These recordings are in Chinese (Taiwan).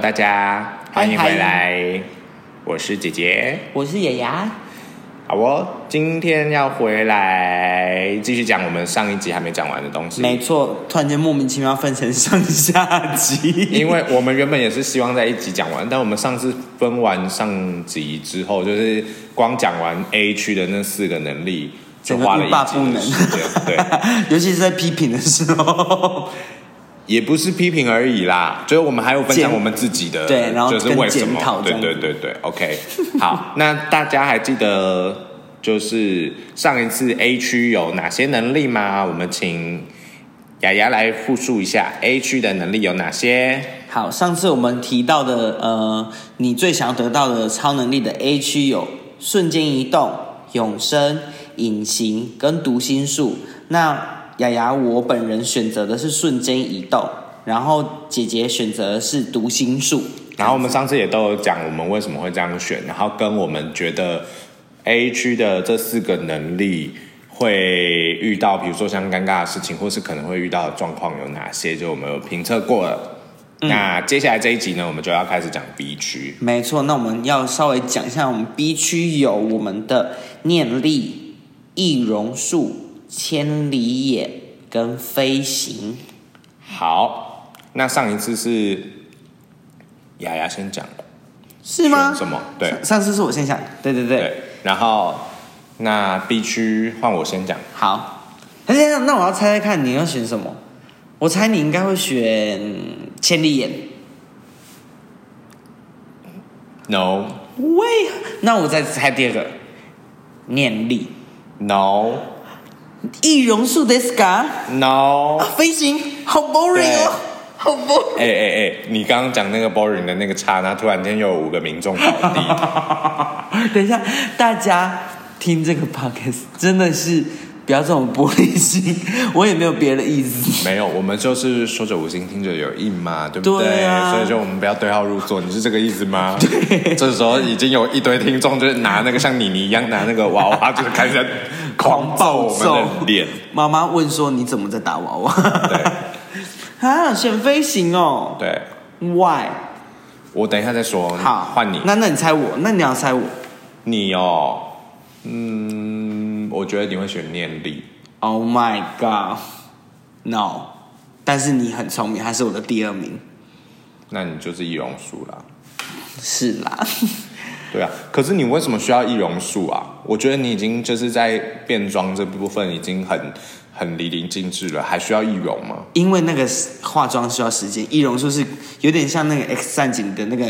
大家歡迎回來，hi, hi 我是姐姐，我是野牙，好、哦，我今天要回來繼續講我們上一集還沒講完的東西。沒錯，突然間莫名其妙分成上下集， 因為我們原本也是希望在一集講完，但我們上次分完上集之後，就是光講完 A 區的那四個能力就花了一集的時間，對， 尤其是在批評的時候。 也不是批評而已啦，就是我們還有分享我們自己的，對，然後跟檢討，對對對對，OK，好，那大家還記得就是上一次 A 區有哪些能力嗎？我們請亞亞來複述一下 A 區的能力有哪些。好，上次我們提到的，呃，你最想得到的超能力的 A 區有瞬間移動、永生、隱形跟讀心術，那。亞亞，我本人選擇的是瞬間移動，然後杰杰選擇的是讀心術。然後我們上次也都有講我們為什麼會這樣選，然後跟我們覺得 A 區的這四個能力會遇到，比如說像尷尬的事情，或是可能會遇到的狀況有哪些，就我們有評測過了。嗯、那接下來這一集呢，我們就要開始講 B 區。沒錯，那我們要稍微講一下，我們 B 區有我們的念力、易容術。千里眼跟飛行。好，那上一次是亞亞先講，是嗎？什麼？對，上次是我先講，對對對。對然後那必須換我先講，好。那先講，那我要猜猜看，你要選什麼？我猜你應該會選千里眼。No，way，那我再猜第二個，念力。No。易容術ですか，No，飛行好 boring 哦，對好 boring。哎哎哎，你剛剛講那個 boring 的那個剎那，然後突然間又有五個民眾倒地。 等一下，大家聽這個 podcast 真的是。不要這種玻璃心，我也沒有別的意思。沒有，我們就是說者無心，聽者有意嘛，對不對？對啊、所以，說我們不要對號入座。你是這個意思嗎？ 對這時候已經有一堆聽眾，就是拿那個像你，你一樣拿那個娃娃，就是開始狂暴我們的臉。媽媽問說：“你怎麼在打娃娃？”對啊，選飛行哦。對，Why？我等一下再說。好，換你。那，那你猜我？那你要猜我？你哦，嗯。我覺得你會選念力。Oh my god！No！但是你很聰明，還是我的第二名。那你就是易容術啦。是啦。對啊。可是你為什麼需要易容術啊？我覺得你已經就是在變裝這部分已經很很淋漓盡致了，還需要易容嗎？因為那個化妝需要時間，易容術是有點像那個 X 戰警的那個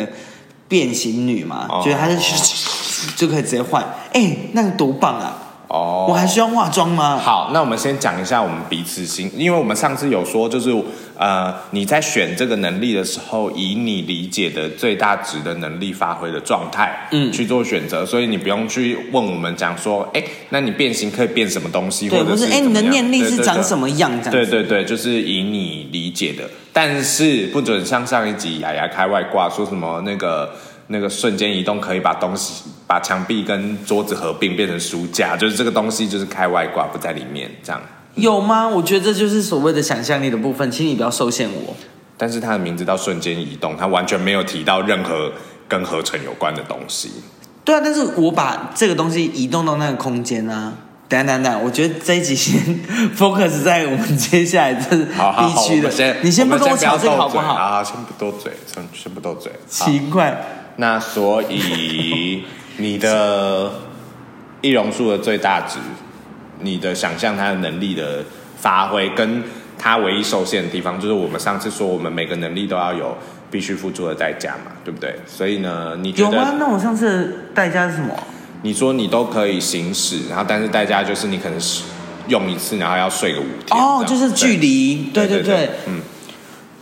變形女嘛，覺得她是就可以直接換，哎，那個多棒啊！哦，oh, 我還需要化妝嗎？好，那我們先講一下我們彼此心。因為我們上次有說，就是呃你在選這個能力的時候，以你理解的最大值的能力發揮的狀態，嗯，去做選擇，所以你不用去問我們講說，哎，那你變形可以變什麼東西？對，或者是不是，哎，你的念力是長什麼樣？對對對，就是以你理解的，但是不准像上一集亞亞開外掛說什麼那個。那個瞬間移動可以把東西、把牆壁跟桌子合併變成書架，就是這個東西就是開外掛不在裡面這樣。嗯、有嗎？我覺得這就是所謂的想象力的部分。請你不要受限我。但是他的名字叫瞬間移動，他完全沒有提到任何跟合成有關的東西。對啊，但是我把這個東西移動到那個空間啊。等等等，我覺得這一集先 focus 在我們接下來，這是 B 區的。好好好，先你先不跟我講這個好不好？啊，先不鬥嘴，先先不鬥嘴，好奇怪。那所以你的易容術的最大值，你的想象它的能力的發揮，跟它唯一受限的地方，就是我們上次說，我們每個能力都要有必須付出的代價嘛，對不對？所以呢，你有嗎？那我上次代價是什麼？你說你都可以行駛，然後但是代價就是你可能用一次，然後要睡個五天。哦，就是距離，對對對、對、對對對，嗯。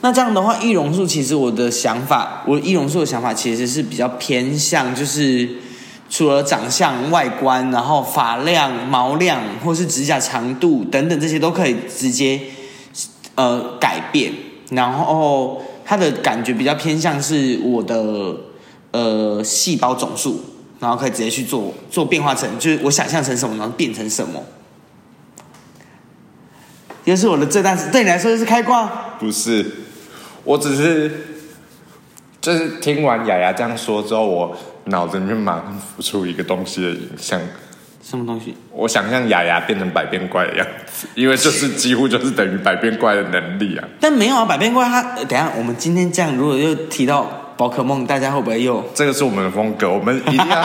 那這樣的話，易容術其實我的想法，我易容術的想法其實是比較偏向，就是除了長相、外觀，然後髮量、毛量，或是指甲長度等等這些都可以直接呃改變，然後它的感覺比較偏向是我的呃細胞總數，然後可以直接去做做變化成，就是我想象成什麼，然後變成什麼。就是我的這段，對你來說就是開掛？不是。我只是，就是聽完雅雅這樣說之後，我腦子裡面馬上浮出一個東西的影像。什麼東西？我想象雅雅變成百變怪的樣子，因為就是幾乎就是等於百變怪的能力啊。但沒有啊，百變怪它等下我們今天這樣，如果又提到寶可夢，大家會不會又？這個是我們的風格，我們一定要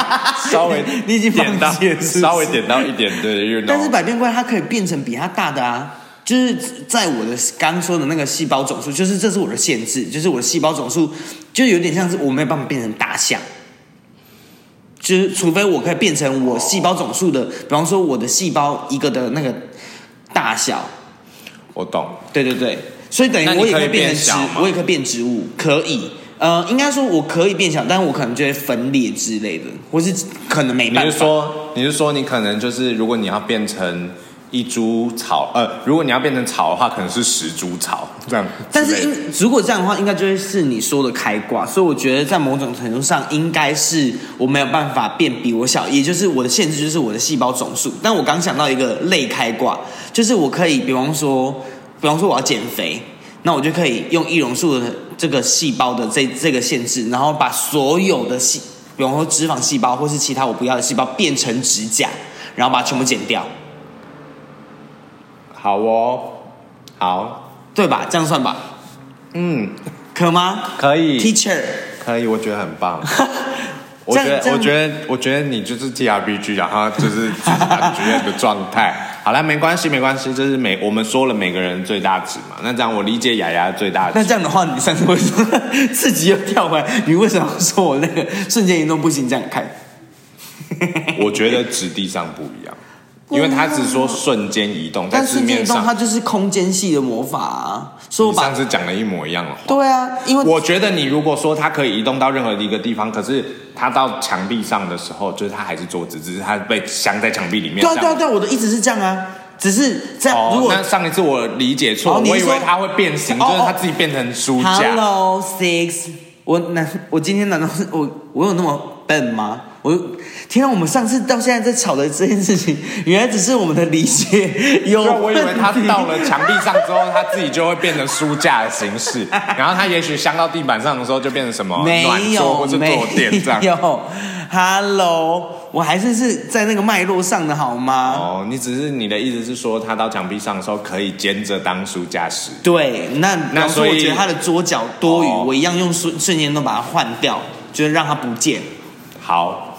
稍微，你已經點到， 是是稍微點到一點對，you know? 但是百變怪它可以變成比它大的啊。就是在我的剛剛說的那個細胞總數，就是這是我的限制，就是我的細胞總數，就有點像是我沒有辦法變成大象，就是除非我可以變成我細胞總數的，比方說我的細胞一個的那個大小。我懂，對對對，所以等於我也可以變成植，可以變小，我也可以變植物，可以，呃，應該說我可以變小，但是我可能就會分裂之類的，或是可能沒辦法。你是說，你是說你可能就是如果你要變成。一株草，呃，如果你要變成草的話，可能是十株草這樣。但是，如果這樣的話，應該就會是你說的開掛。所以，我覺得在某種程度上，應該是我沒有辦法變比我小，也就是我的限制就是我的細胞總數。但我剛想到一個類開掛，就是我可以，比方說，比方說我要減肥，那我就可以用易容術的這個細胞的這這個限制，然後把所有的細，比方說脂肪細胞或是其他我不要的細胞變成指甲，然後把它全部剪掉。好哦，好，對吧？這樣算吧。嗯，可嗎？可以。Teacher，可以，我覺得很棒。 樣我覺得，我覺得，我覺得你就是 TRPG 啊， 就是主角的狀態。好了，沒關係，沒關係，這是每我們說了每個人最大值嘛。那這樣我理解雅雅的最大值。那這樣的話，你上次為什麼自己又跳回來？你為什麼說我那個瞬間移動不行？這樣看， 我覺得質地上不一樣。因為他只說瞬間移動，在字面上，但瞬間移動它就是空間系的魔法啊。所以我上次講了一模一樣的話。對啊，因為我覺得你如果說它可以移動到任何一個地方，可是它到牆壁上的時候，就是它還是桌子，只、就是它被鑲在牆壁裡面。對、啊、樣對、啊、對、啊，我的意思是這樣啊，只是在、哦、如果那上一次我理解錯，哦、我以為它會變形，哦哦就是它自己變成書架。Hello Six，我難，我今天難道是我我有那麼笨嗎？我天啊、我們上次到現在在吵的這件事情，原來只是我們的理解，因為我以為他到了牆壁上之後， 他自己就會變成書架的形式。然後他也許鑲到地板上的時候，就變成什麼暖桌，暖桌或者坐墊這樣。沒有哈嘍，沒有 Hello, 我還是是在那個脈絡上的，好嗎？哦，oh, 你只是你的意思是說，他到牆壁上的時候可以兼着當書架使。對，那那所以我覺得他的桌角多餘，我一樣用瞬瞬間都把它換掉，oh, 就是讓它不見。好。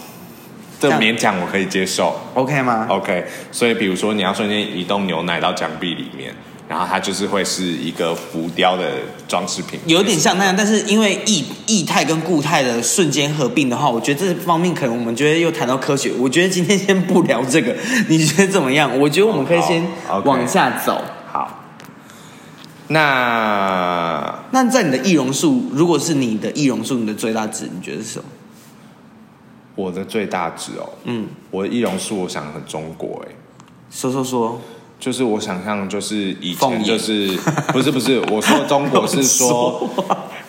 這勉強我可以接受，OK 嗎？OK，所以比如說你要瞬間移動牛奶到牆壁裡面，然後它就是會是一個浮雕的裝飾品，有點像那樣。但是因為液液態跟固態的瞬間合併的話，我覺得這方面可能我們覺得又談到科學。我覺得今天先不聊這個， 你覺得怎麼樣？我覺得我們可以先往下走。Oh, okay. 好，那那在你的易容術，如果是你的易容術，你的最大值，你覺得是什麼？我的最大值哦，嗯，我的易容術我想很中國哎、欸，說說說，就是我想象就是以前就是言不是不是 我說中國是說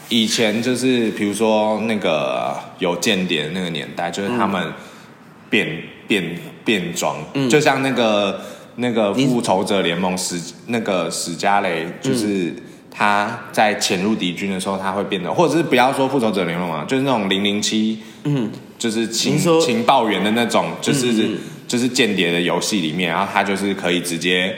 以前就是比如說那個有間諜的那個年代，就是他們變變變裝，嗯，嗯，就像那個那個復仇者聯盟史你那個史嘉蕾，就是他在潛入敵軍的時候，他會變得，嗯、或者是不要說復仇者聯盟啊，就是那種零零七，嗯。就是情說情報員的那種，就是嗯嗯嗯就是間諜的遊戲裡面，然後他就是可以直接，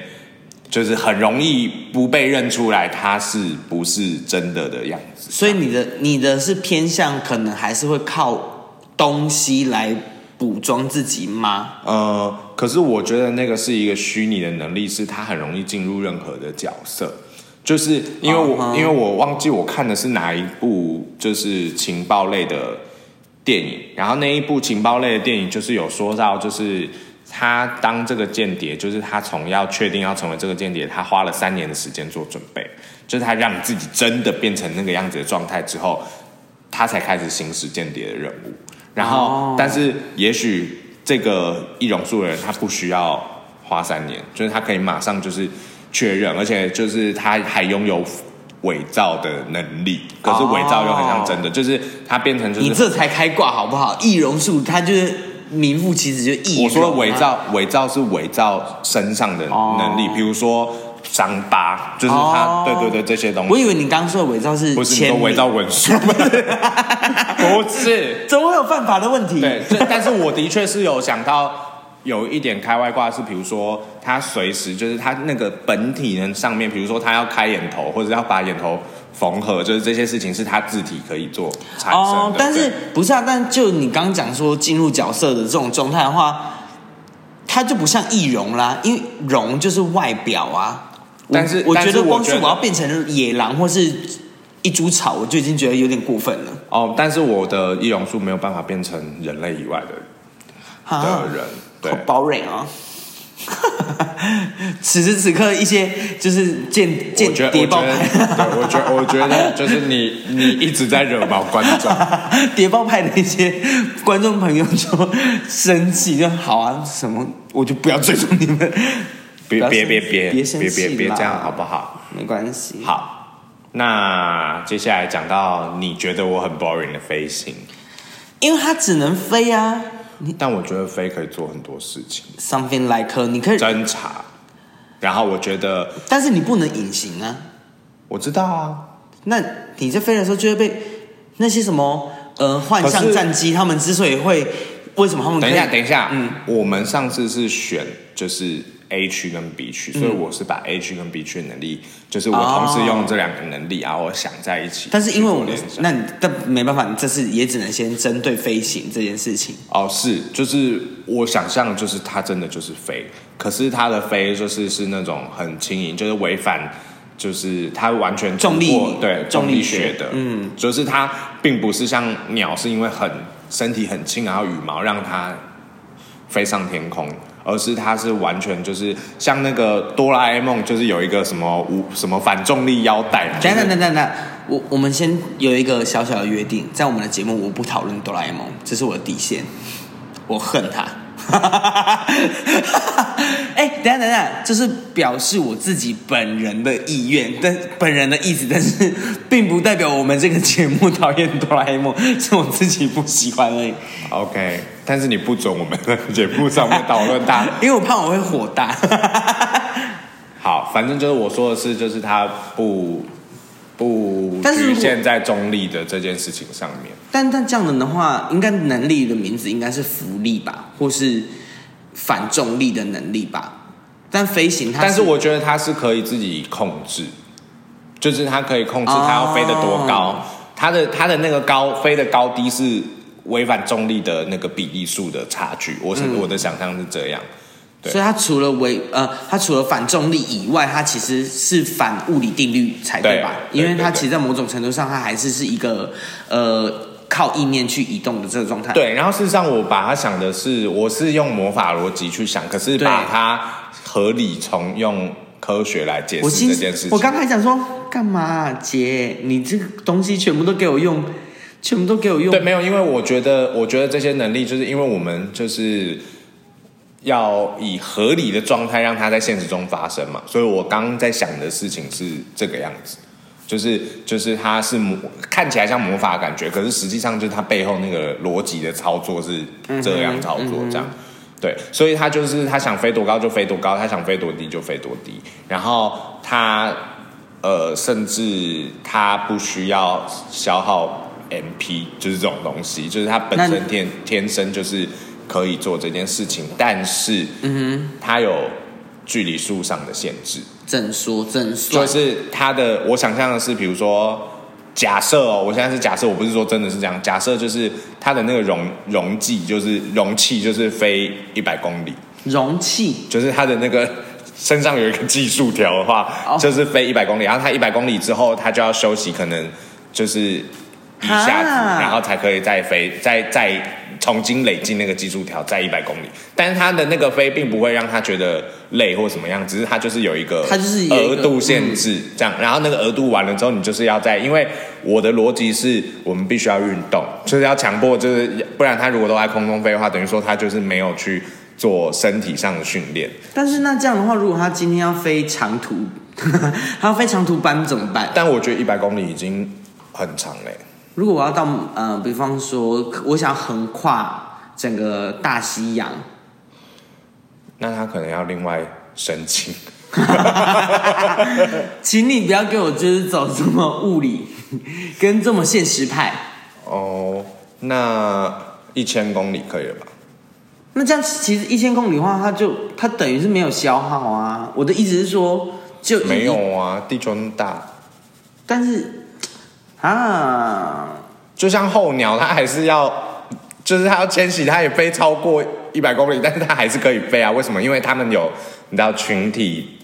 就是很容易不被認出來，他是不是真的的樣子。所以你的你的是偏向可能還是會靠東西來補裝自己嗎？呃，可是我覺得那個是一個虛擬的能力，是他很容易進入任何的角色，就是因為我嗯嗯因為我忘記我看的是哪一部，就是情報類的。電影，然後那一部情報類的電影就是有說到，就是他當這個間諜，就是他從要確定要成為這個間諜，他花了三年的時間做準備，就是他讓自己真的變成那個樣子的狀態之後，他才開始行使間諜的任務。然後，但是也許這個易容術的人他不需要花三年，就是他可以馬上就是確認，而且就是他還擁有。偽造的能力，可是偽造又很像真的，oh, oh, oh. 就是它變成就是你這才開掛好不好？易容術它就是名副其實就易容。我說的偽造，偽、啊、造是偽造身上的能力，比、oh. 如說傷疤，就是它、oh. 對對對，對這些東西。我以為你剛剛說的偽造是，不是你說偽造文書？ 不是，怎麼會有犯法的問題？對，對，但是我的確是有想到。有一點開外掛，是，比如說他隨時，就是他那個本體呢，上面，比如說他要開眼頭或者是要把眼頭縫合，就是這些事情是他自己可以做。哦，但是對不是啊？但就你剛剛講說進入角色的這種狀態的話，他就不像易容啦，因為容就是外表啊。但是，是但是我覺得光是我要變成野狼或是一株草，我就已經覺得有點過分了。哦，但是我的易容術沒有辦法變成人類以外的，啊、的人。對好 boring 哦， 此時此刻一些就是見見諜報派，我覺， 我，覺我覺得就是你你一直在惹毛觀眾，諜 報派的一些觀眾朋友就生氣，就好啊，什麼我就不要追蹤你們，別別別別別別別這樣好不好？沒關係，好，那接下來講到你覺得我很 boring 的飛行，因為它只能飛啊。你但我覺得飛可以做很多事情，something like her, 你可以偵查，然後我覺得，但是你不能隱形啊。我知道啊，那你在飛的時候就會被那些什麼呃幻象戰機，是他們之所以會為什麼他們？等一下，等一下，嗯，我們上次是選就是。A 區跟 B 區，嗯、所以我是把 A 區跟 B 區的能力，嗯、就是我同時用這兩個能力啊，然後我想在一起。但是因為我那你，但沒辦法，你這次也只能先針對飛行這件事情。哦，是，就是我想象就是它真的就是飛，可是它的飛就是是那種很輕盈，就是違反，就是它完全重，重力，對，重力，嗯、重力學的，嗯，就是它並不是像鳥是因為很身體很輕，然後羽毛讓它飛上天空。而是它是完全就是像那個哆啦 A 夢，就是有一個什麼無什麼反重力腰帶等。等等等等等，我我們先有一個小小的約定，在我們的節目我不討論哆啦 A 夢，這是我的底線，我恨他。哈，哈，哈，哈，哎，等一下，等一下，這、就是表示我自己本人的意願，但本人的意思，但是並不代表我們這個節目討厭哆啦 A 夢，是我自己不喜歡而已。OK，但是你不准我們在節目上面討論他， 因為我怕我會火大。 好，反正就是我說的是，就是他不不局限在中立的這件事情上面。但但這樣能的話，應該能力的名字應該是浮力吧，或是反重力的能力吧。但飛行是，它、但是我覺得它是可以自己控制，就是它可以控制它要飛得多高，它、哦、的它的那個高飛的高低是違反重力的那個比例數的差距。我是、嗯、我的想象是這樣，對，所以它除了違呃，它除了反重力以外，它其實是反物理定律才對吧？對，因為它其實，在某種程度上，它還是是一個呃。靠意念去移動的這個狀態。對，然後事實上我把它想的是，我是用魔法邏輯去想，可是把它合理從用科學來解釋這件事情。我，我剛才想說幹嘛啊，杰，你這個東西全部都給我用，全部都給我用。對，沒有，因為我覺得，我覺得這些能力，就是因為我們就是要以合理的狀態讓它在現實中發生嘛。所以我剛在想的事情是這個樣子。就是就是，就是，他是魔，看起來像魔法感覺，可是實際上就是他背後那個邏輯的操作是這樣操作，這樣，嗯嗯、對，所以他就是他想飛多高就飛多高，他想飛多低就飛多低，然後他呃，甚至他不需要消耗 MP，就是這種東西，就是他本身天那你 天生就是可以做這件事情，但是嗯他有距離數上的限制。整數，整數，就是他的。我想象的是，比如說，假設哦，我現在是假設，我不是說真的是這樣。假設就是他的那個容容器，就是容器，就是飛一百公里。容器就是他的那個身上有一個計數條的話，就是飛一百公里。哦、然後他一百公里之後，他就要休息，可能就是一下子，哈然後才可以再飛，再再。從重累積那個技術條在一百公里，但是他的那個飛並不會讓他覺得累或怎麼樣，只是他就是有一個額，他就是額度限制、嗯、這樣，然後那個額度完了之後，你就是要在，因為我的邏輯是我們必須要運動，就是要強迫，就是不然他如果都在空中飛的話，等於說他就是沒有去做身體上的訓練。但是那這樣的話，如果他今天要飛長途， 他要飛長途班怎麼辦？但我覺得一百公里已經很長嘞。如果我要到嗯、呃，比方說，我想橫跨整個大西洋，那他可能要另外申請。 請你不要給我就是走這麼物理跟這麼現實派。哦，那一千公里可以了吧？那這樣其實一千公里的話，它就它等於是沒有消耗啊。我的意思是說，就沒有啊，地球那麼大，但是。啊，就像候鳥，它還是要，就是它要遷徙，它也飛超過一百公里，但是它還是可以飛啊。為什麼？因為它們有你知道群體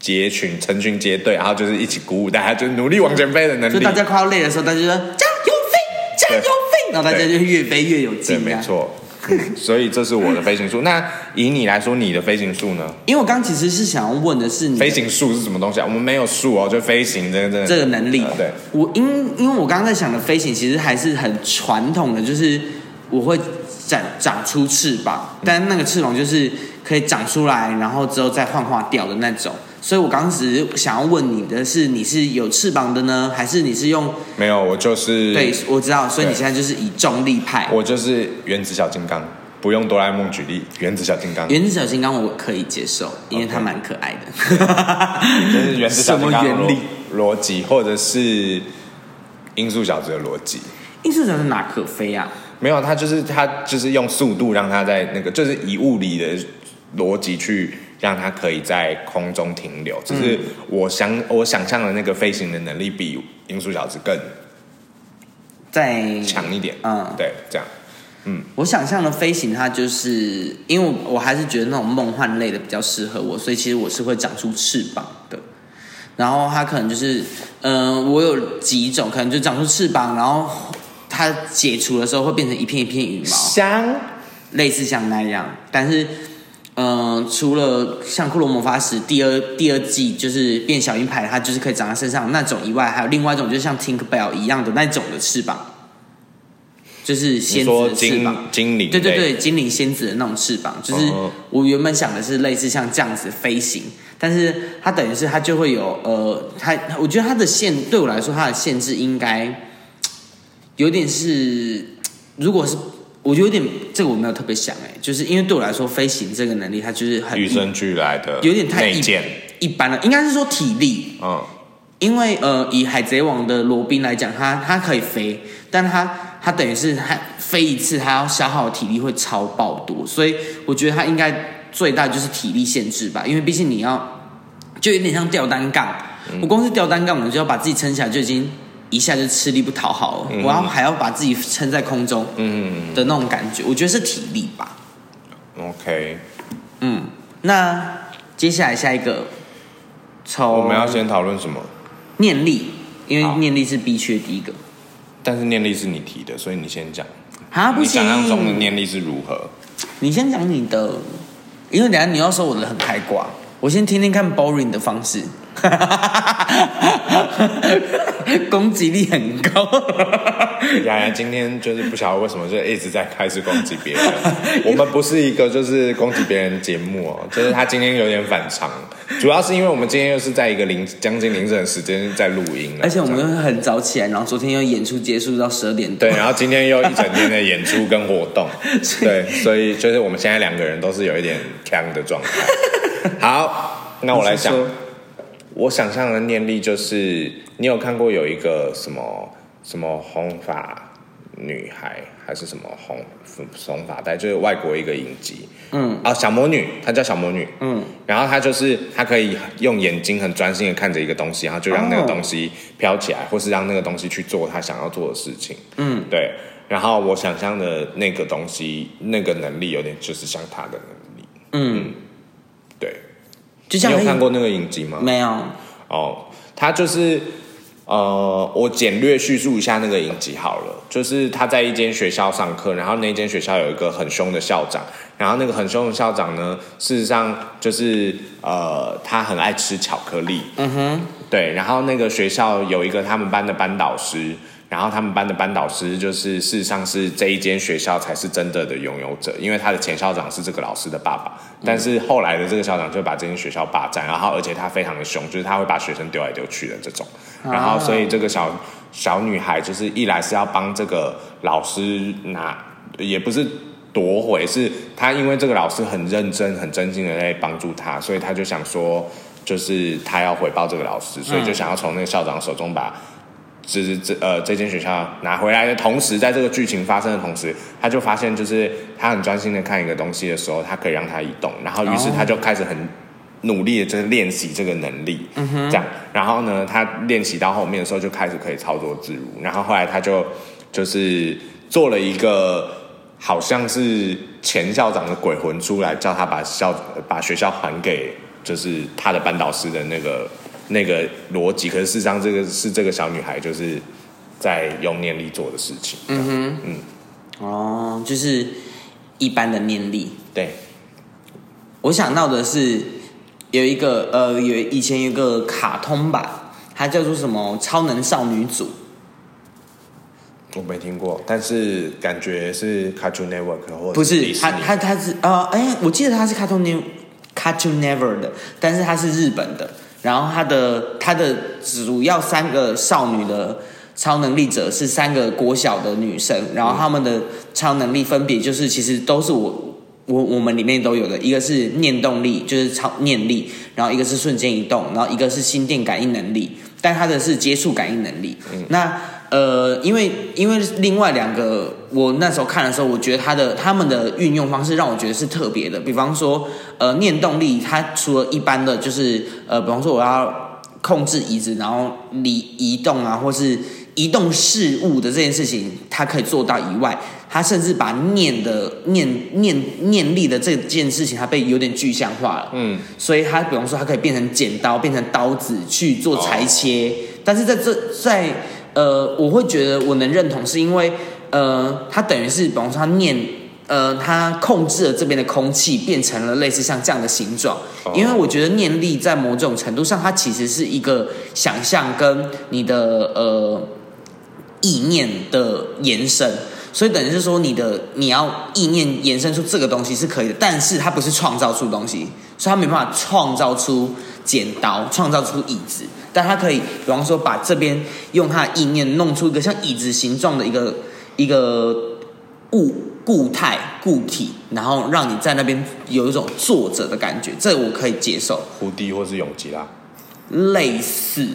結群、成群結隊，然後就是一起鼓舞大家，就是努力往前飛的能力。所以大家快要累的時候，大家就說加油飛，加油飛，對然後大家就越飛越有勁。對，對，沒錯。 所以這是我的飛行術。那以你來說，你的飛行術呢？因為我剛其實是想要問的是你的，飛行術是什麼東西啊？我們沒有術哦，就飛行真的，真的這個能力。呃，對，我因因為我剛剛在想的飛行，其實還是很傳統的，就是我會長長出翅膀，但那個翅膀就是可以長出來，然後之後再幻化掉的那種。所以我剛才想要問你的是，你是有翅膀的呢，還是你是用？沒有，我就是。對，我知道，所以你現在就是以重力派。我就是原子小金剛，不用哆啦 A 夢舉例。原子小金剛，原子小金剛我可以接受，因為它蠻可愛的 Okay. 就是原子小金剛的邏邏輯或者是音速小子的邏輯。音速小子哪可飛啊？沒有，他就是他就是用速度讓他在那個，就是以物理的邏輯去。讓它可以在空中停留，就是我想、嗯、我想象的那個飛行的能力比《音速小子》更再強一點。嗯，對，這樣，嗯，我想象的飛行，它就是因為我還是覺得那種夢幻類的比較適合我，所以其實我是會長出翅膀的。然後它可能就是，嗯、呃，我有幾種可能就長出翅膀，然後它解除的時候會變成一片一片羽毛，像香類似像那樣，但是。嗯、呃，除了像《庫洛魔法使》第二第二季，就是變小櫻牌，它就是可以長在身上那種以外，還有另外一種，就像 Tinker Bell 一樣的那種的翅膀，就是仙子翅膀，精靈，精對對對，精靈仙子的那種翅膀。就是我原本想的是類似像這樣子飛行，嗯、但是它等於是它就會有呃，它我覺得它的限對我來說，它的限制應該有點是，如果是。嗯我覺得有點，這個我沒有特別想哎，就是因為對我來說，飛行這個能力它就是很與生俱來的，有點太一一般了。應該是說體力，嗯，因為呃，以海賊王的羅賓來講，他他可以飛，但他他等於是他飛一次，他要消耗的體力會超爆多，所以我覺得他應該最大就是體力限制吧，因為畢竟你要就有點像吊單槓，我、嗯、光是吊單槓，我就要把自己撐起來就已經。一下就吃力不討好了，嗯、我要還要把自己撐在空中，的那種感覺，嗯、我覺得是體力吧。OK，嗯，那接下來下一個，操，我們要先討論什麼？念力，因為念力是必須第一個。但是念力是你提的，所以你先講。啊，不行，想象中的念力是如何？你先講你的，因為等下你要說我的很開掛。我先聽聽看 boring 的方式， 攻擊力很高。亞亞今天就是不曉得為什麼就一直在開始攻擊別人。 我們不是一個就是攻擊別人節目哦、喔，就是他今天有點反常，主要是因為我們今天又是在一個零將近凌晨時間在錄音，而且我們又很早起來，然後昨天又演出結束到十二點多，對，然後今天又一整天的演出跟活動， 對，所以就是我們現在兩個人都是有一點鏘的狀態。 好，那我來講。我想象的念力就是，你有看過有一個什麼什麼紅髮女孩還是什麼紅紅髮帶，就是外國一個影集，嗯，啊，小魔女，她叫小魔女，嗯，然後她就是她可以用眼睛很專心的看着一個東西，然後就讓那個東西飄起來，哦、或是讓那個東西去做她想要做的事情，嗯，對。然後我想象的那個東西，那個能力有點就是像她的能力，嗯。嗯你有看過那個影集嗎？沒有。哦，oh, 他就是呃，我簡略敘述一下那個影集好了。就是他在一間學校上課，然後那間學校有一個很兇的校長，然後那個很兇的校長呢，事實上就是呃，他很愛吃巧克力。嗯哼。對，然後那個學校有一個他們班的班導師。然後他們班的班導師就是，事實上是這一間學校才是真的的擁有者，因為他的前校長是這個老師的爸爸，但是後來的這個校長就把這間學校霸佔，然後而且他非常的凶，就是他會把學生丟來丟去的這種，然後所以這個小小女孩就是一來是要幫這個老師拿，也不是奪回，是她因為這個老師很認真、很真心的在幫助她，所以她就想說，就是她要回報這個老師，所以就想要從那個校長手中把。就是這呃，這間學校拿回來的同時，在這個劇情發生的同時，他就發現，就是他很專心的看一個東西的時候，他可以讓他移動。然後，於是他就開始很努力的就是練習這個能力，oh. 這樣。然後呢，他練習到後面的時候，就開始可以操作自如。然後後來，他就就是做了一個，好像是前校長的鬼魂出來，叫他把校把學校還給，就是他的班導師的那個。那個邏輯，可是事實上，這個是這個小女孩就是在用念力做的事情。嗯哼，嗯，哦，就是一般的念力。對，我想到的是有一個呃，有以前有個卡通吧，它叫做什麼《超能少女組》。我沒聽過，但是感覺是《Cartoon Network》或者是迪士尼。不是，它它它是啊，哎、呃，我記得它是《卡通紐 Cartoon Never》的，但是它是日本的。然後，他的他的主要三個少女的超能力者是三個國小的女生，然後她們的超能力分別就是，其實都是我我我們裡面都有的，一個是念動力，就是超念力，然後一個是瞬間移動，然後一個是心電感應能力，但她的是接觸感應能力。嗯，那。呃，因為因為另外兩個，我那時候看的時候，我覺得他的他們的運用方式讓我覺得是特別的。比方說，呃，念動力，它除了一般的就是，呃，比方說我要控制椅子，然後移移動啊，或是移動事物的這件事情，它可以做到以外，它甚至把念的念念念力的這件事情，它被有點具象化了。嗯，所以它比方說它可以變成剪刀，變成刀子去做裁切，哦。但是在這在。呃，我會覺得我能認同，是因為呃，它等於是，比方說它念，呃，它控制了這邊的空氣，變成了類似像這樣的形狀。Oh. 因為我覺得念力在某種程度上，它其實是一個想象跟你的呃意念的延伸，所以等於是說，你的你要意念延伸出這個東西是可以的，但是它不是創造出東西，所以它沒辦法創造出。剪刀創造出椅子，但他可以，比方說把這邊用他的意念弄出一個像椅子形狀的一個一個物，固態固體，然後讓你在那邊有一種坐着的感覺，這我可以接受。蝴蝶或是永吉啦，類似，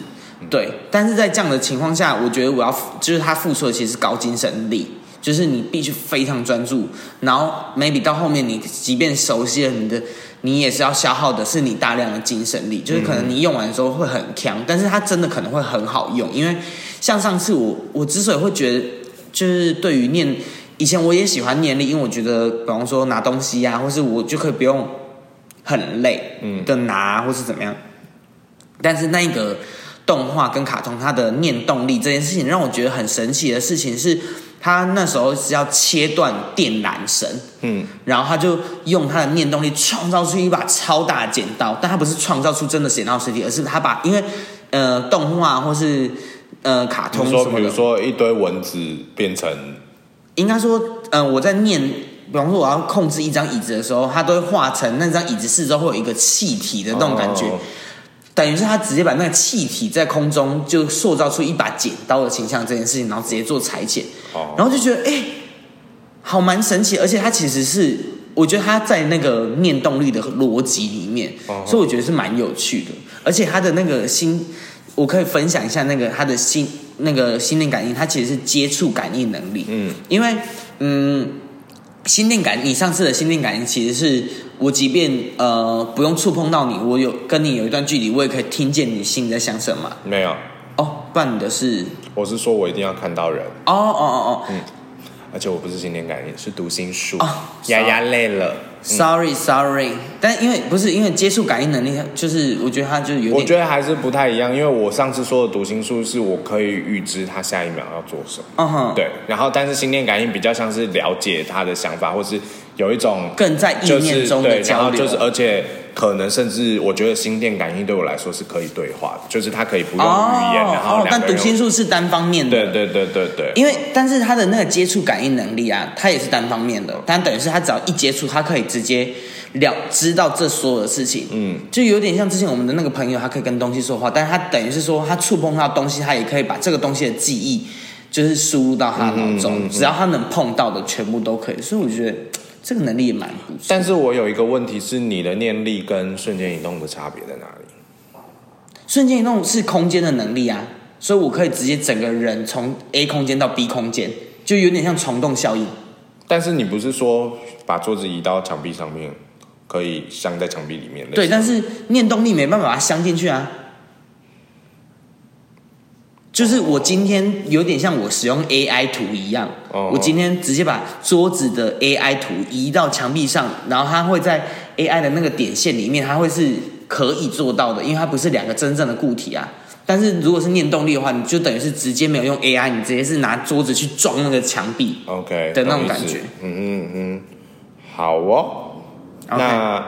對，但是在這樣的情況下，我覺得我要就是他付出的其實是高精神力。就是你必須非常專注，然後 maybe 到後面你即便熟悉了你的，你也是要消耗的，是你大量的精神力。就是可能你用完的時候會很強，嗯、但是它真的可能會很好用。因為像上次我，我之所以會覺得，就是對於念，以前我也喜歡念力，因為我覺得，比方說拿東西呀、啊，或是我就可以不用很累的拿、啊，嗯、或是怎麼樣。但是那一個動畫跟卡通，它的念動力這件事情，讓我覺得很神奇的事情是。他那時候是要切斷電纜繩，嗯，然後他就用他的念動力創造出一把超大的剪刀，但他不是創造出真的剪刀實體，而是他把，因為，呃，動畫或是呃，卡通什麼的比如說，比如說一堆蚊子變成，應該說，嗯、呃，我在念，比方說我要控制一張椅子的時候，它都會化成那張椅子四周會有一個氣體的那種感覺，哦、等於是他直接把那個氣體在空中就塑造出一把剪刀的形象這件事情，然後直接做裁剪。然後就覺得哎、欸，好蠻神奇，而且他其實是，我覺得他在那個念動力的邏輯裡面，哦、所以我覺得是蠻有趣的。而且他的那個心，我可以分享一下那個他的心，那個心電感應，他其實是接觸感應能力。嗯，因為嗯，心電感，你上次的心電感應其實是我即便呃不用觸碰到你，我有跟你有一段距離，我也可以聽見你心裡在想什麼。沒有哦，辦你的是。我是說，我一定要看到人。哦哦哦哦，嗯，而且我不是心電感應，是讀心術。亞亞、oh, sorry. 累了、嗯、，Sorry Sorry，但因為不是因為接觸感應能力，就是我覺得他就是有點，我覺得還是不太一樣。因為我上次說的讀心術，是我可以預知他下一秒要做什麼。嗯、oh, huh. 對。然後但是心電感應比較像是了解他的想法，或是有一種、就是、更在意念中的交流，然後就是而且。可能甚至，我覺得心電感應對我來說是可以對話的，就是它可以不用語言，哦、然後兩個，但讀心術是單方面的。對，對對對對對。因為，但是他的那個接觸感應能力啊，他也是單方面的，但等於是他只要一接觸，他可以直接了知道這所有的事情。嗯。就有點像之前我們的那個朋友，他可以跟東西說話，但是他等於是說他觸碰到東西，他也可以把這個東西的記憶，就是輸入到他腦中，嗯嗯嗯嗯，只要他能碰到的全部都可以。所以我覺得。這個能力也蠻，但是我有一個問題是，你的念力跟瞬間移動的差別在哪裡？瞬間移動是空間的能力啊，所以我可以直接整個人從 A 空間到 B 空間，就有點像蟲洞效應。但是你不是說把桌子移到牆壁上面，可以鑲在牆壁裡面的？對，但是念動力沒辦法把它鑲進去啊。就是我今天有點像我使用 AI 圖一樣，Oh. 我今天直接把桌子的 AI 圖移到牆壁上，然後它會在 AI 的那個點線裡面，它會是可以做到的，因為它不是兩個真正的固體啊。但是如果是念動力的話，你就等於是直接沒有用 AI，你直接是拿桌子去撞那個牆壁，OK 的那種感覺。嗯嗯嗯，Mm-hmm. 好哦。Okay. 那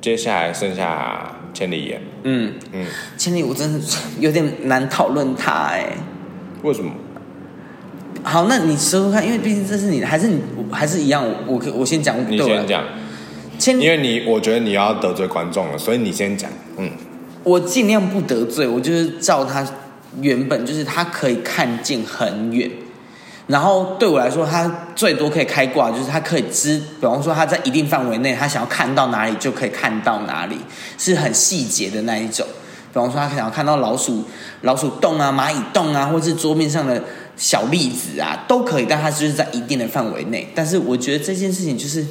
接下來剩下。千里眼。嗯嗯，嗯千里，我真的有點難討論他哎。為什麼？好，那你說說看，因為畢竟這是你還是你，還是一樣，我我，我先講，你先講。千里，因為你我覺得你要得罪觀眾了，所以你先講。嗯，我盡量不得罪，我就是照他原本，就是他可以看見很遠。然後對我來說，它最多可以開掛，就是它可以知，比方說它在一定範圍內，它想要看到哪裡就可以看到哪裡，是很細節的那一種。比方說，它想要看到老鼠老鼠洞啊、螞蟻洞啊，或是桌面上的小粒子啊，都可以。但它就是在一定的範圍內。但是我覺得這件事情就是，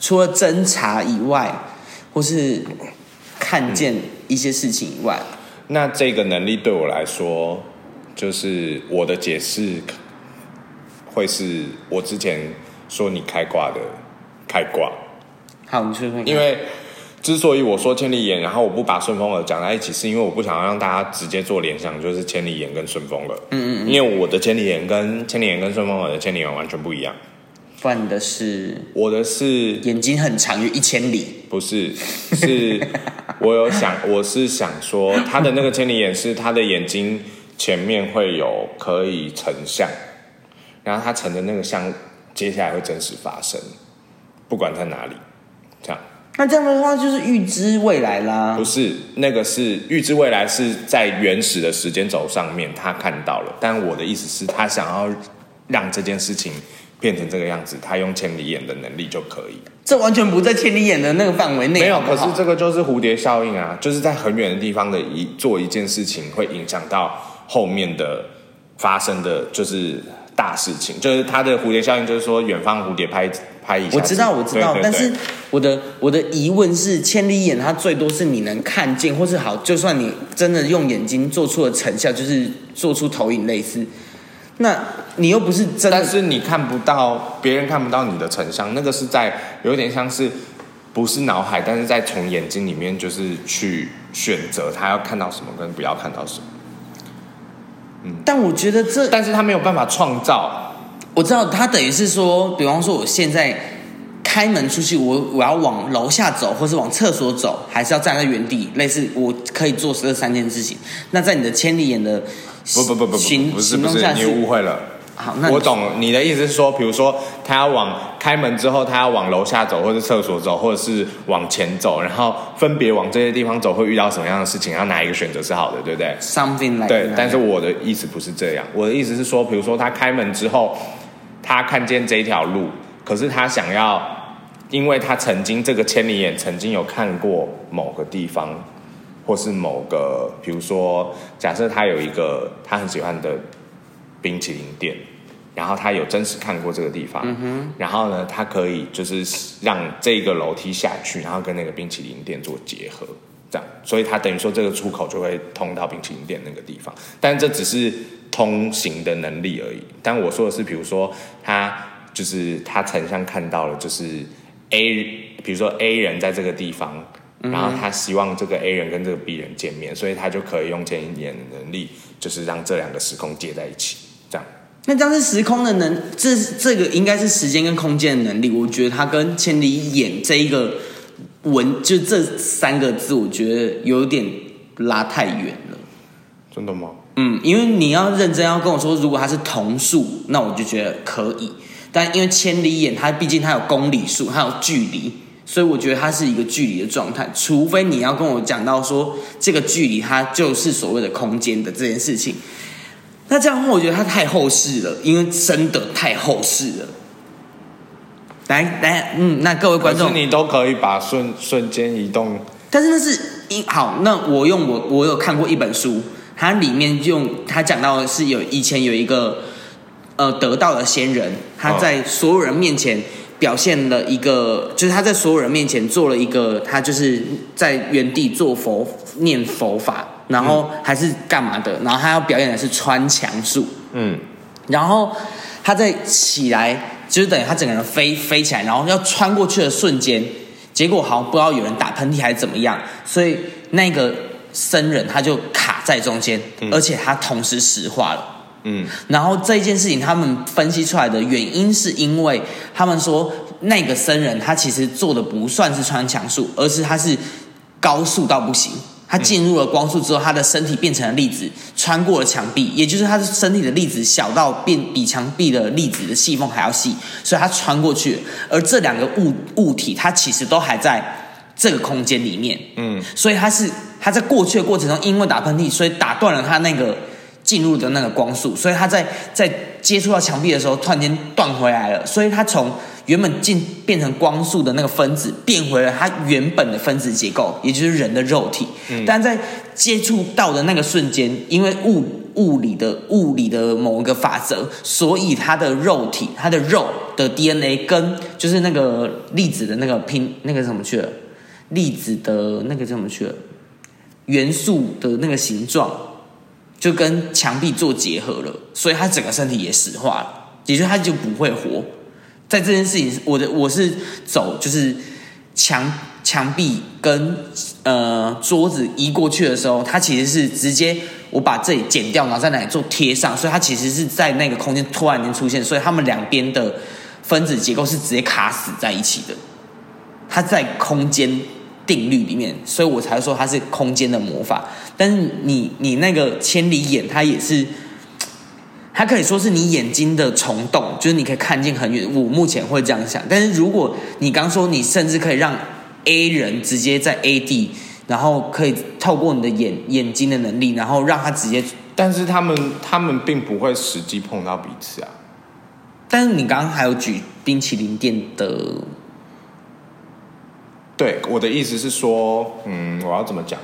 除了偵查以外，或是看見一些事情以外，那這個能力對我來說，就是我的解釋。會是我之前說你開掛的開掛，好，你去說。因為之所以我說千里眼，然後我不把順風耳講在一起，是因為我不想要讓大家直接做聯想，就是千里眼跟順風耳。嗯嗯。因為我的千里眼跟千里眼跟順風耳的千里眼完全不一樣。犯的是我的是眼睛很長，有一千里。不是，是我有想，我是想說，他的那個千里眼是他的眼睛前面會有可以成像。然後他成的那個像，接下來會真實發生，不管在哪裡，這樣。那這樣的話就是預知未來啦。不是，那個是預知未來是在原始的時間軸上面他看到了。但我的意思是，他想要讓這件事情變成這個樣子，他用千里眼的能力就可以。這完全不在千里眼的那個範圍內。沒有，可是這個就是蝴蝶效應啊，就是在很遠的地方的一做一件事情，會影響到後面的發生的，就是。大事情就是它的蝴蝶效應，就是說遠方蝴蝶拍拍一下。我知道，我知道，對對對，但是我的我的疑問是，千里眼它最多是你能看見，或是好，就算你真的用眼睛做出了成效，就是做出投影類似，那你又不是真的。但是你看不到別人看不到你的成像，那個是在有點像是不是腦海，但是在從眼睛裡面就是去選擇他要看到什麼跟不要看到什麼。但我覺得這，但是他沒有辦法創造。我知道，他等於是說，比方說我現在開門出去，我我要往樓下走，或是往廁所走，還是要站在原地，類似我可以做這三件事情。那在你的千里眼的行行動下去，不是不是好那我懂你的意思是說，比如說他要往開門之後，他要往樓下走，或者廁所走，或者是往前走，然後分別往這些地方走，會遇到什麼樣的事情？要哪一個選擇是好的，對不對？Something like that. 對，但是我的意思不是這樣。我的意思是說，比如說他開門之後，他看見這條路，可是他想要，因為他曾經這個千里眼曾經有看過某個地方，或是某個，比如說，假設他有一個他很喜歡的冰淇淋店。然後他有真實看過這個地方，嗯、哼然後呢，他可以就是讓這個樓梯下去，然後跟那個冰淇淋店做結合，這樣，所以他等於說這個出口就會通到冰淇淋店那個地方，但這只是通行的能力而已。但我說的是，比如說他就是他成像看到了，就是 A，比如說 A 人在這個地方，嗯、哼然後他希望這個 A 人跟這個 B 人見面，所以他就可以用這一點能力，就是讓這兩個時空接在一起。但是時空的能，這這個應該是時間跟空間的能力。我覺得它跟千里眼這一個文，就這三個字，我覺得有點拉太遠了。真的嗎？嗯，因為你要認真要跟我說，如果它是同數，那我就覺得可以。但因為千里眼，它畢竟它有公里數，它有距離，所以我覺得它是一個距離的狀態。除非你要跟我講到說，這個距離它就是所謂的空間的這件事情。那這樣的話，我覺得他太厚世了，因為真的太厚世了。來來，嗯，那各位觀眾，是你都可以把瞬瞬間移動。但是那是一好，那我用我我有看過一本書，它裡面用它講到的是有以前有一個呃得道的仙人，他在所有人面前表現了一個，哦、就是他在所有人面前做了一個，他就是在原地做佛念佛法。然後還是幹嘛的？嗯、然後他要表演的是穿牆術。嗯，然後他在起來，就是等於他整個人飛飛起來，然後要穿過去的瞬間，結果好像不知道有人打噴嚏還是怎麼樣，所以那個僧人他就卡在中間，嗯、而且他同時石化了。嗯，然後這一件事情他們分析出來的原因是因為他們說那個僧人他其實做的不算是穿牆術，而是他是高速到不行。它進入了光束之後，它、嗯、的身體變成了粒子，穿過了牆壁，也就是它的身體的粒子小到變比牆壁的粒子的細縫還要細，所以它穿過去。而這兩個物物體，它其實都還在這個空間裡面，嗯，所以它是它在過去的過程中，因為打噴嚏，所以打斷了它那個。進入的那個光速，所以他在在接觸到牆壁的時候，突然間斷回來了。所以他從原本進變成光速的那個分子，變回了他原本的分子結構，也就是人的肉體。嗯。但在接觸到的那個瞬間，因為物物理的物理的某一個法則，所以他的肉體，他的肉的 DNA 跟就是那個粒子的那個拼那個什麼去了，粒子的那個怎麼去了，元素的那個形狀。就跟牆壁做結合了，所以它整個身體也石化了，也就它就不會活。在這件事情，我的我是走，就是牆牆壁跟呃桌子移過去的時候，它其實是直接我把這裡剪掉，然後在那裡做貼上，所以它其實是在那個空間突然間出現，所以它們兩邊的分子結構是直接卡死在一起的，它在空間定律裡面，所以我才說它是空間的魔法。但是你你那個千里眼，它也是，它可以說是你眼睛的蟲洞，就是你可以看見很遠。我目前會這樣想。但是如果你剛說你甚至可以讓 A 人直接在 A 地，然後可以透過你的眼眼睛的能力，然後讓他直接……但是他們他們並不會實際碰到彼此啊。但是你剛剛還有舉冰淇淋店的。對，我的意思是說，嗯，我要怎麼講？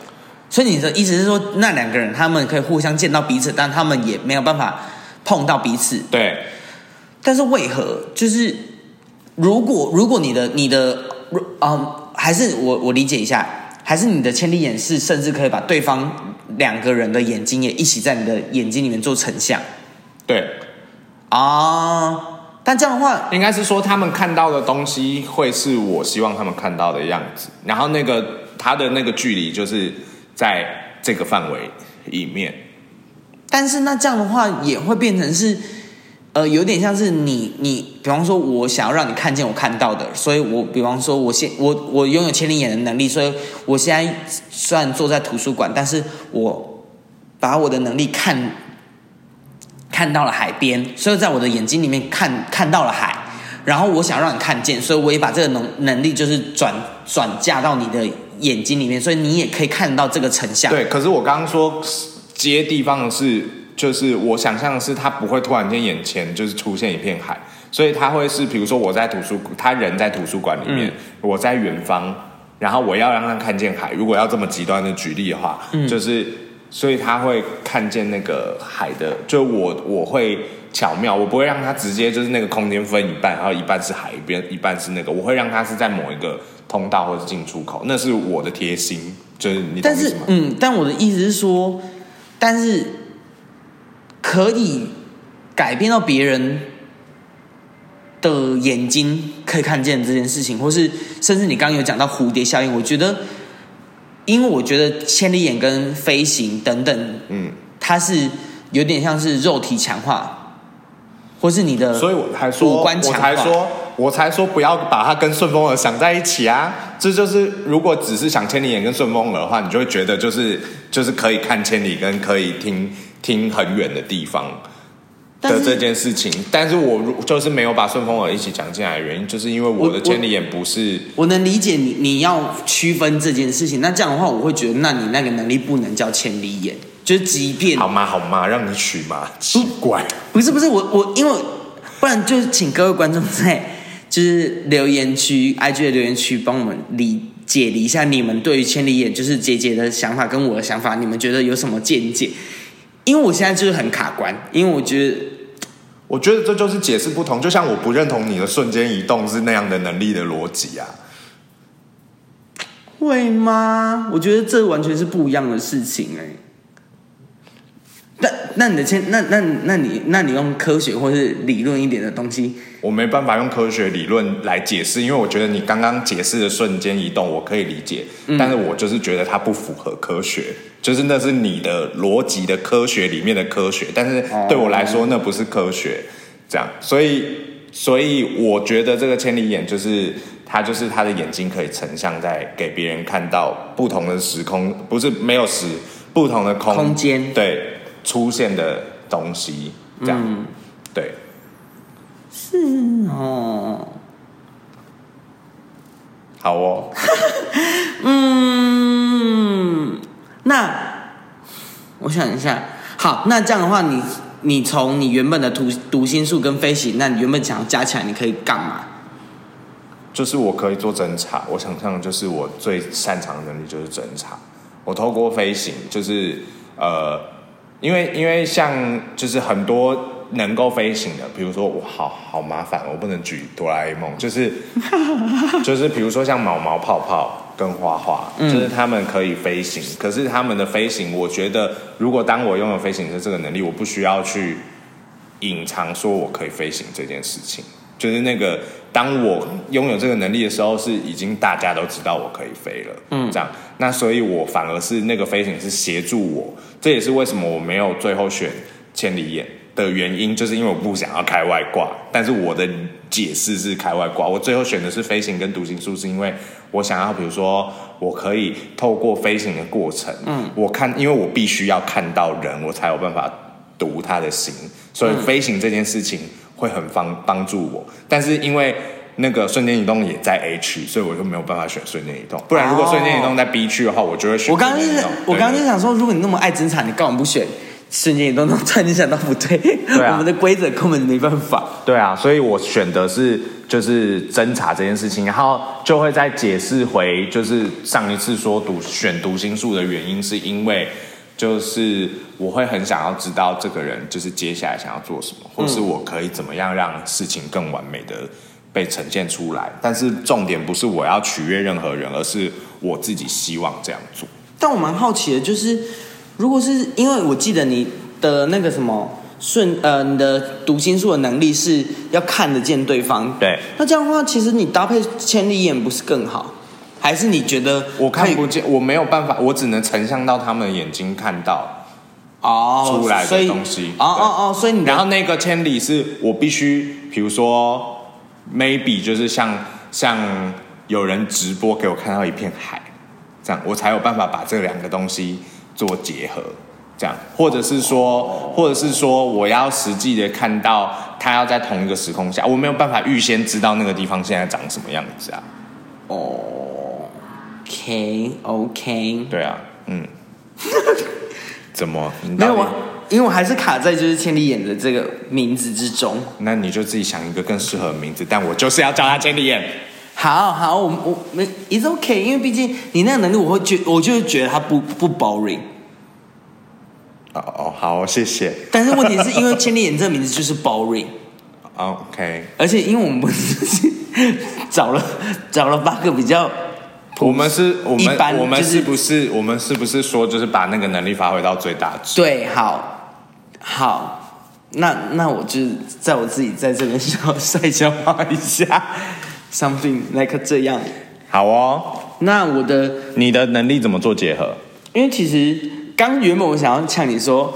所以你的意思是說，那兩個人他們可以互相見到彼此，但他們也沒有辦法碰到彼此。對。但是為何？就是如果如果你的你的嗯，還是我我理解一下，還是你的千里眼是甚至可以把對方兩個人的眼睛也一起在你的眼睛裡面做成像。對。啊、哦。但這樣的話，應該是說他們看到的東西會是我希望他們看到的樣子，然後那個他的那個距離就是在這個範圍裡面。但是那這樣的話也會變成是，呃，有點像是你你，比方說，我想要讓你看見我看到的，所以我比方說我現我我擁有千里眼的能力，所以我現在雖然坐在圖書館，但是我把我的能力看。看到了海邊，所以在我的眼睛裡面看看到了海，然後我想讓你看見，所以我也把這個能能力就是轉轉嫁到你的眼睛裡面，所以你也可以看到這個成像。對，可是我剛剛說接地方的是，就是我想象的是，它不會突然間眼前就是出現一片海，所以它會是，比如說我在圖書館，他人在圖書館裡面，嗯、我在遠方，然後我要讓他看見海。如果要這麼極端的舉例的話，嗯、就是。所以他會看見那個海的，就我我會巧妙，我不會讓他直接就是那個空間分一半，然後一半是海邊，一半是那個，我會讓他是在某一個通道或者進出口，那是我的貼心，就是你。但是，嗯，但我的意思是說，但是可以改變到別人的眼睛可以看見這件事情，或是甚至你剛剛有講到蝴蝶效應，我覺得。因為我覺得千里眼跟飛行等等，嗯，它是有點像是肉體強化，或是你的，所以我才說五官強化我，我才說，我才說不要把它跟順風耳想在一起啊！這就是如果只是想千里眼跟順風耳的話，你就會覺得就是就是可以看千里跟可以聽聽很遠的地方。的這件事情，但是我就是沒有把順風耳一起講進來的原因，就是因為我的千里眼不是。我，我能理解你，你要區分這件事情。那這樣的話，我會覺得，那你那個能力不能叫千里眼，就是即便。好嗎？好嗎？讓你取嘛？嗯、奇怪。不是不是，我我因為不然就請各位觀眾在 就是留言區 IG 的留言區幫我們理解理一下你們對於千里眼就是姐姐的想法跟我的想法，你們覺得有什麼見解？因為我現在就是很卡關，因為我覺得。我覺得這就是解釋不同，就像我不認同你的瞬間移動是那樣的能力的邏輯啊。會嗎？我覺得這完全是不一樣的事情誒、欸。那那你的千那那那你那你用科學或是理論一點的東西，我沒辦法用科學理論來解釋，因為我覺得你剛剛解釋的瞬間移動我可以理解，嗯、但是我就是覺得它不符合科學，就是那是你的邏輯的科學裡面的科學，但是對我來說，Oh, okay. 那不是科學，這樣，所以所以我覺得這個千里眼就是他就是他的眼睛可以成像在給別人看到不同的時空，不是沒有時不同的空間，對。出現的東西，這樣，嗯、對，是哦，好哦， 嗯，那我想一下，好，那這樣的話你，你你從你原本的讀讀心術跟飛行，那你原本想要加起來，你可以幹嘛？就是我可以做偵查，我想象就是我最擅長的能力就是偵查，我透過飛行，就是呃。因為因為像就是很多能夠飛行的，比如說我好好麻煩，我不能舉哆啦 A 夢，就是 就是比如說像毛毛泡泡跟花花，就是他們可以飛行。嗯，可是他們的飛行，我覺得如果當我擁有飛行的這個能力，我不需要去隱藏說我可以飛行這件事情，就是那個當我擁有這個能力的時候，是已經大家都知道我可以飛了，嗯，這樣。那所以，我反而是那個飛行是協助我，這也是為什麼我沒有最後選千里眼的原因，就是因為我不想要開外掛。但是我的解釋是開外掛。我最後選的是飛行跟讀心術，是因為我想要，比如說，我可以透過飛行的過程，嗯，我看，因為我必須要看到人，我才有辦法讀他的心，所以飛行這件事情會很幫幫助我。但是因為。那個瞬間移動也在 A 區，所以我就沒有辦法選瞬間移動。不然如果瞬間移動在 B 區的話，我就會選。Oh, 我剛剛就是，對我剛剛就想說，如果你那麼愛偵查，你幹嘛不選瞬間移動呢？突然間想到不對，對啊，我們的規則根本沒辦法。對啊，所以我選的是就是偵查這件事情，然後就會再解釋回，就是上一次說讀選讀心術的原因，是因為就是我會很想要知道這個人就是接下來想要做什麼，或是我可以怎麼樣讓事情更完美的。嗯被呈現出來，但是重點不是我要取悅任何人，而是我自己希望這樣做。但我蠻好奇的，就是如果是因為我記得你的那個什麼順呃，你的讀心術的能力是要看得見對方，對，那這樣的話，其實你搭配千里眼不是更好？還是你覺得我看不見，我沒有辦法，我只能成像到他們眼睛看到哦，出來的東西哦哦，所以你然後那個千里是我必須，比如說。Maybe 就是像像有人直播給我看到一片海，這樣我才有辦法把這兩個東西做結合，這樣，或者是說，或者是說，我要實際的看到他要在同一個時空下，我沒有辦法預先知道那個地方現在長什麼樣子啊。哦，OK，OK，okay, okay 對啊，嗯， 怎麼？你那我。因為我還是卡在就是千里眼的這個名字之中，那你就自己想一個更適合的名字，但我就是要叫他千里眼。好好，我們我們 It's OK，因為畢竟你那個能力，我會覺，我就是覺得他不不 boring。哦哦，好，謝謝。但是問題是因為千里眼這個名字就是 boring。 OK，而且因為我們不是找了找了八個比較我，我們一般、就是我們我們是不是我們是不是說就是把那個能力發揮到最大值？對，好。好，那那我就在我自己在這邊的時候再消化一下，something like 這樣。好哦，那我的你的能力怎麼做結合？因為其實剛原本我想要嗆你說。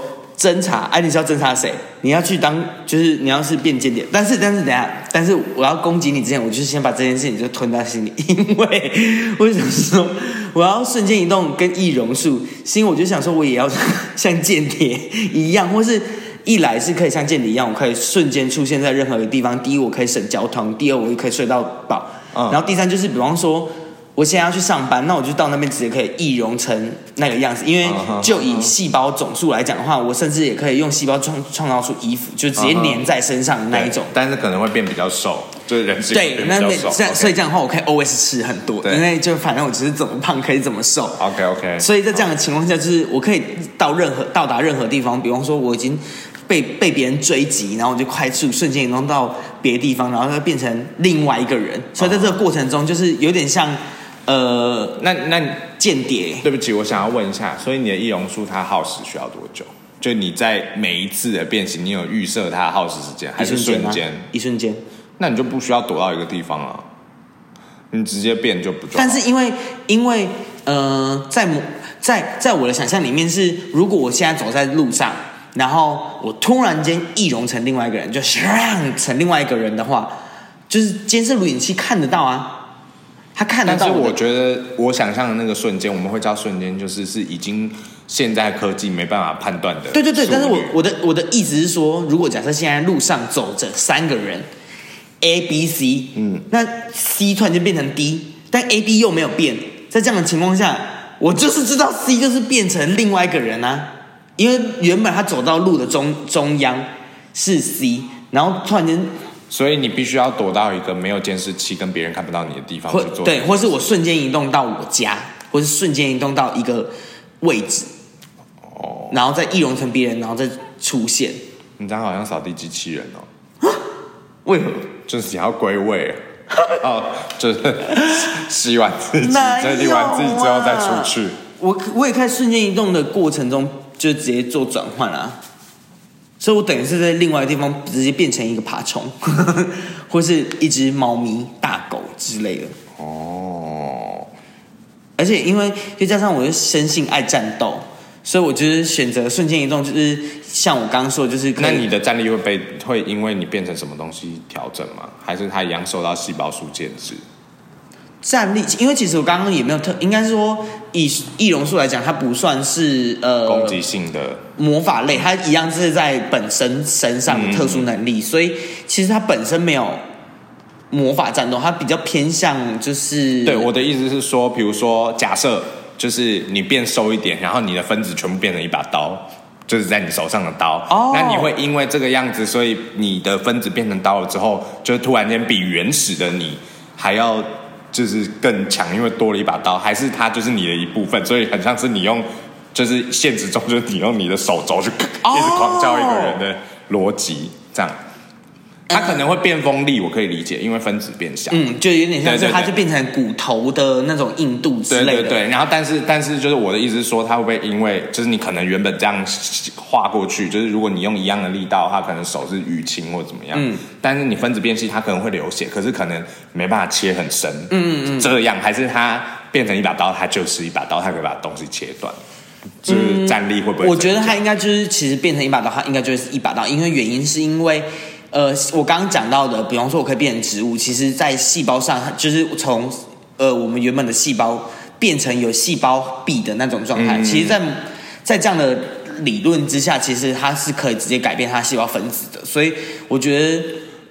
偵查，哎、啊，你是要偵查誰？你要去當，就是你要是變間諜。但是，但是等下，但是我要攻擊你之前，我就是先把這件事情就吞在心裡。因為為什麼說我要瞬間移動跟易容術？是因為我就想說，我也要像間諜一樣，或是一來是可以像間諜一樣，我可以瞬間出現在任何一個地方。第一，我可以省交通；第二，我可以睡到飽；嗯、然後第三就是，比方說。我現在要去上班，那我就到那邊直接可以易容成那個樣子，因為就以細胞總數來講的話，我甚至也可以用細胞創創造出衣服，就直接粘在身上的那一種。但是可能會變比較瘦，就是人瘦對，那那這樣，Okay. 所以這樣的話，我可以 always 吃很多，對因為就反正我只是怎麼胖可以怎麼瘦。OK OK，所以在這樣的情況下，就是我可以到任何，到達任何地方，比方說我已經被被別人追擊，然後我就快速瞬間移動到別的地方，然後又變成另外一個人。所以在這個過程中，就是有點像。呃，那那間諜，對不起，我想要問一下，所以你的易容術它耗時需要多久？就你在每一次的變形，你有預設它的耗時時間還是瞬間？一瞬間，那你就不需要躲到一個地方了，你直接變就不。但是因為因為呃，在在在我的想象裡面是，如果我現在走在路上，然後我突然間易容成另外一個人，就 shrink 成另外一個人的話，就是監視錄影器看得到啊。他看到，但是我覺得，我想象的那個瞬間，我們會叫瞬間，就是是已經現在科技沒辦法判斷的。對對對，但是我我的我的意思是說，如果假設現在路上走着三個人 A、B、C，嗯，那 C 突然間變成 D，但 A、B 又沒有變，在這樣的情況下，我就是知道 C 就是變成另外一個人啊，因為原本他走到路的中中央是 C，然後突然間。所以你必須要躲到一個沒有監視器、跟別人看不到你的地方去做。對，或是我瞬間移動到我家，或是瞬間移動到一個位置，哦，然後再易容成別人，然後再出現。你這樣好像掃地機器人哦？啊？為何？就是想要歸位，然後、啊、就是洗完自己、整理、啊、完自己之後再出去。我我也看瞬間移動的過程中就直接做轉換啦、啊。所以，我等於是在另外的地方直接變成一個爬蟲，或是一隻貓咪、大狗之類的。哦，oh. 而且因為再加上我生性愛戰鬥，所以我就是選擇瞬間移動，就是像我剛剛說的，就是，那你的戰力會被會因為你變成什麼東西調整嗎？還是它一樣受到細胞數限製？戰力，因為其實我剛剛也沒有特，應該是說以易容術來講，它不算是呃攻擊性的魔法類，它一樣是在本身身上的特殊能力，嗯、所以其實它本身沒有魔法戰鬥，它比較偏向就是對我的意思是說，比如說假設就是你變瘦一點，然後你的分子全部變成一把刀，就是在你手上的刀，哦、那你會因為這個樣子，所以你的分子變成刀了之後，就是、突然間比原始的你還要。就是更強，因為多了一把刀，還是他就是你的一部分，所以很像是你用，就是現實中就是你用你的手肘去咔咔，Oh. 一直狂敲一個人的邏輯，這樣。它可能會變鋒利，我可以理解，因為分子變小，嗯，就有點像是它就變成骨頭的那種硬度之類的。對，對對對。然後但是，但是但是，就是我的意思是說，它會不會因為就是你可能原本這樣劃過去，就是如果你用一樣的力道的，它可能手是淤青或怎麼樣。嗯。但是你分子變細，它可能會流血，可是可能沒辦法切很深。嗯，嗯，這樣還是它變成一把刀，它就是一把刀，它可以把東西切斷，就是戰力會不會、嗯？我覺得它應該就是其實變成一把刀，它應該就是一把刀，因為原因是因為。呃，我剛剛講到的，比方說，我可以變成植物，其實，在細胞上，就是從呃，我們原本的細胞變成有細胞壁的那種狀態。嗯、其實在，在在這樣的理論之下，其實它是可以直接改變它的細胞分子的。所以，我覺得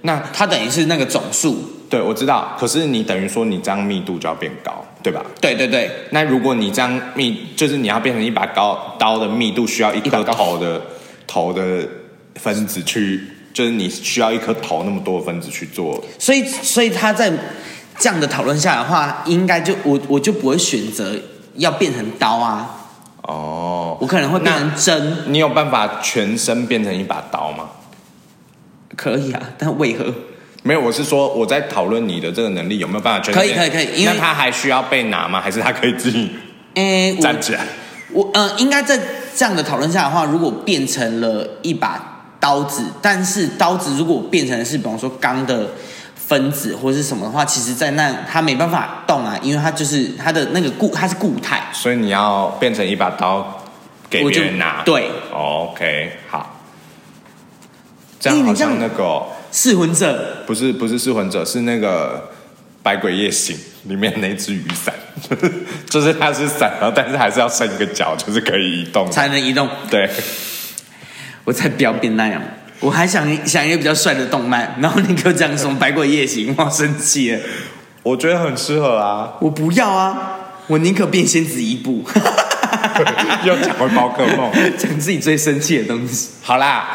那它等於是那個總數。對，我知道。可是，你等於說你這樣密度就要變高，對吧？對對對。那如果你這樣密，就是你要變成一把高刀的密度，需要一個頭的頭，頭的分子去。就是你需要一顆頭那麼多分子去做，所以所以他在這樣的討論下的話，應該就我我就不會選擇要變成刀啊。哦，我可能會變成針。你有辦法全身變成一把刀嗎？可以啊，但為何？沒有，我是說我在討論你的這個能力有沒有辦法全身？可以可以可以。那他還需要被拿嗎？還是他可以自己？哎，站起來。我，我呃應該在這樣的討論下的話，如果變成了一把。刀子，但是刀子如果變成是比方說鋼的分子或是什麼的話，其實在那它沒辦法動啊，因為它就是它的那個固，它是固態。所以你要變成一把刀給別人拿，對、oh，OK，好。這樣好像那個欸、噬魂者，不是不是噬魂者，是那個《百鬼夜行》裡面那隻雨傘， 就是它是傘，但是還是要伸一個腳，就是可以移動、啊，才能移動，對。我才不要變那樣！我還想想一個比較帥的動漫，然後你給我講什麼《百鬼夜行》對，我好生氣！我覺得很適合啊，我不要啊，我寧可變仙子伊布。要 講 回《寶可夢》，講自己最生氣的東西。好啦，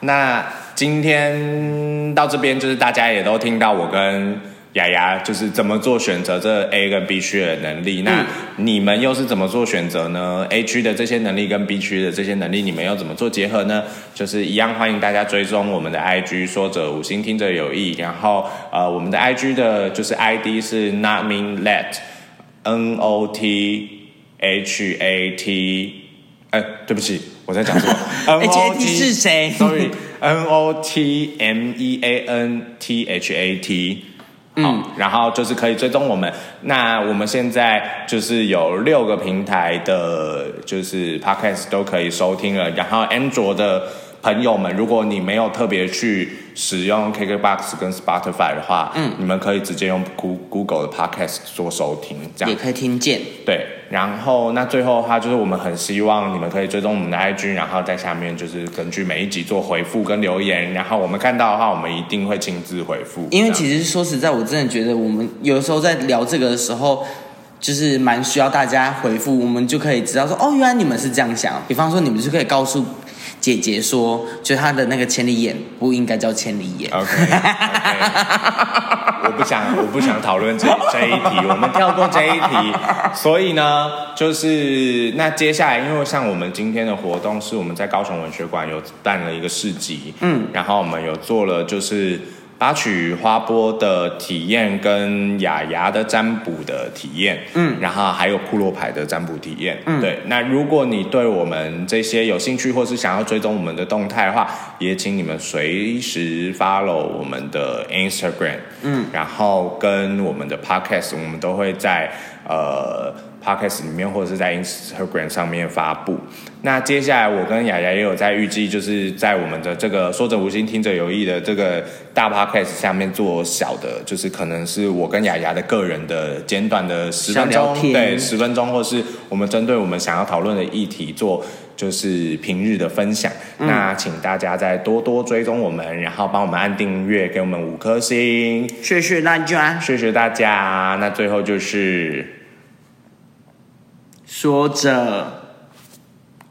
那今天到這邊，就是大家也都聽到我跟。亞亞就是怎麼做選擇，這 A 跟 B 區的能力，嗯、那你們又是怎麼做選擇呢？A 區的這些能力跟 B 區的這些能力，你們又怎麼做結合呢？嗯、就是一樣，歡迎大家追蹤我們的 IG，說者無心，聽者有意。然後呃，我們的 IG 的就是 ID 是 Not Mean Let N O T H A T，哎、欸，對不起，我在講錯。N O T 是誰？Sorry，N O T M E A N T H A T。H A T，哦、嗯，然後就是可以追蹤我們。那我們現在就是有六個平台的，就是 podcast 都可以收聽了。然後安卓的朋友們，如果你沒有特別去使用 KKBOX 跟 Spotify 的話，嗯，你們可以直接用 Google 的 podcast 做收聽，這樣也可以聽見。對。然後那最後的話，就是我們很希望你們可以追蹤我們的 IG，然後在下面就是根據每一集做回復跟留言，然後我們看到的話，我們一定會親自回復。因為其實說實在，我真的覺得我們有時候在聊這個的時候，就是蠻需要大家回復，我們就可以知道說哦，原來你們是這樣想。比方說，你們就可以告訴姐姐說，就她的那個千里眼不應該叫千里眼。 okay, okay. 不想，我不想討論這這一題，我們跳過這一題。所以呢，就是那接下來，因為像我們今天的活動是我們在高雄文學館有辦了一個市集，嗯，然後我們有做了就是。八曲花波的體驗跟亞亞的占卜的體驗，嗯，然後還有庫洛牌的占卜體驗，嗯，對。那如果你對我們這些有興趣，或是想要追蹤我們的動態的話，也請你們隨時 follow 我們的 Instagram，嗯，然後跟我們的 podcast，我們都會在呃。podcast 裡面或者是在 Instagram 上面發布。那接下來我跟亞亞也有在預計，就是在我們的這個“說者無心，聽者有意”的這個大 podcast 下面做小的，就是可能是我跟亞亞的個人的簡短的十分鐘，小聊天。對十分鐘，或是我們針對我們想要討論的議題做，就是平日的分享。嗯、那請大家再多多追蹤我們，然後幫我們按訂閱，給我們五顆星。謝謝大家，謝謝大家。那最後就是。說者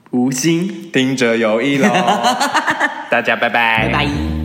無心聽者有意嘍， 大家拜拜。拜拜。